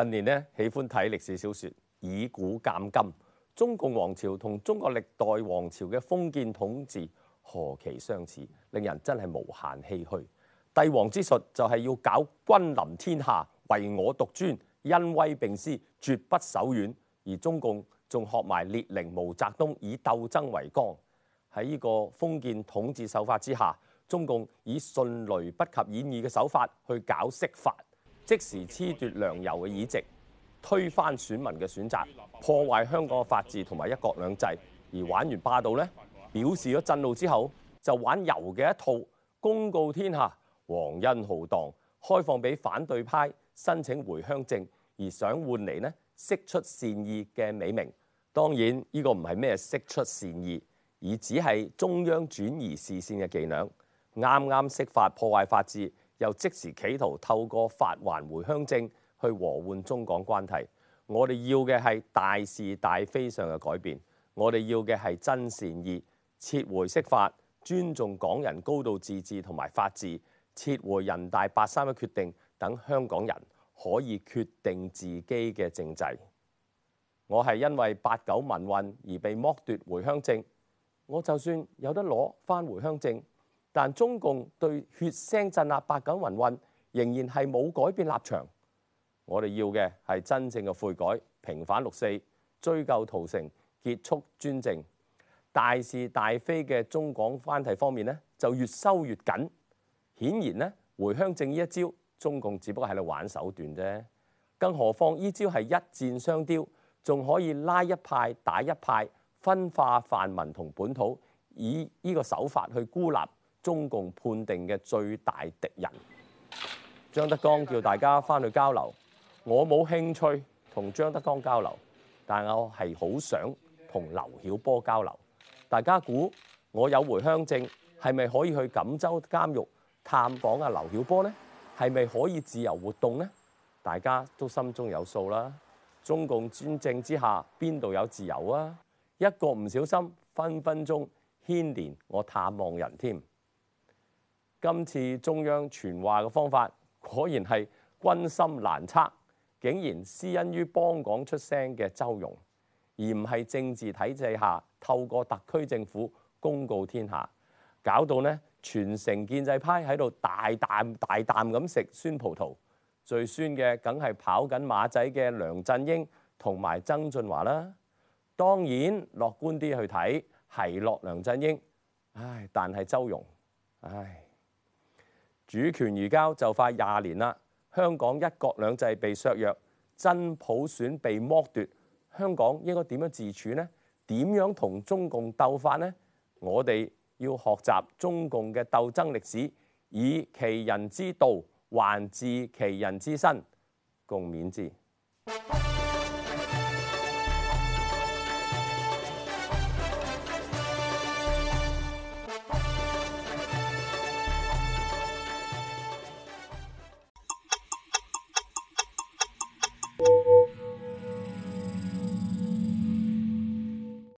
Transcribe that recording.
近年呢，喜歡睇歷史小說，以古鑑今。中共皇朝同中國歷代皇朝嘅封建統治何其相似，令人真係無限唏噓。帝王之術就係要搞君臨天下，唯我獨尊，恩威並施，絕不手軟。而中共仲學埋列寧、毛澤東，以鬥爭為綱。喺呢個封建統治手法之下，中共以迅雷不及掩耳嘅手法去搞釋法。即時褫奪梁游嘅議席，推翻選民嘅選擇，破壞香港嘅法治同埋一國兩制。而玩完霸道呢，表示咗震怒之後，就玩遊嘅一套，公告天下，皇恩浩蕩，開放俾反對派申請回鄉證，而想換嚟呢釋出善意嘅美名。當然，呢個唔係咩釋出善意，而只係中央轉移視線嘅伎倆。啱啱釋法破壞法治。又即時企圖透過發還回鄉證去和緩中港關係，我哋要嘅係大是大非上嘅改變，我哋要嘅係真善意、撤回釋法，尊重港人高度自治同埋法治，撤回人大八三一決定，等香港人可以決定自己嘅政制。我係因為八九民運而被剝奪回鄉證，我就算有得攞返回鄉證。但中共對血腥鎮壓、白緊混混仍然係冇改變立場。我哋要嘅係真正嘅悔改、平反六四、追究屠城、結束專政。大是大非嘅中港關係方面呢，就越收越緊。顯然呢，回鄉證呢一招，中共只不過喺度玩手段啫。更何況呢招係一箭雙雕，仲可以拉一派打一派，分化泛民同本土，以呢個手法去孤立。中共判定嘅最大敵人，張德江叫大家翻去交流，我冇興趣同張德江交流，但我係好想同劉曉波交流。大家估我有回鄉證係咪可以去錦州監獄探訪啊劉曉波呢？係咪可以自由活動呢？大家都心中有數啦。中共專政之下，邊度有自由啊？一個唔小心，分分鐘牽連我探望人添。今次中央傳話嘅方法果然係君心難測，竟然施恩於幫港出聲嘅周融，而唔係政治體制下透過特區政府公告天下，搞到呢全城建制派喺度大啖大啖咁食酸葡萄，最酸嘅梗係跑緊馬仔嘅梁振英同埋曾俊華啦。當然樂觀啲去睇係落梁振英，唉，但係周融，唉。主權移交就快廿年啦，香港一國兩制被削弱，真普選被剝奪，香港應該點樣自處呢？點樣同中共鬥法呢？我哋要學習中共嘅鬥爭歷史，以其人之道還治其人之身，共勉之。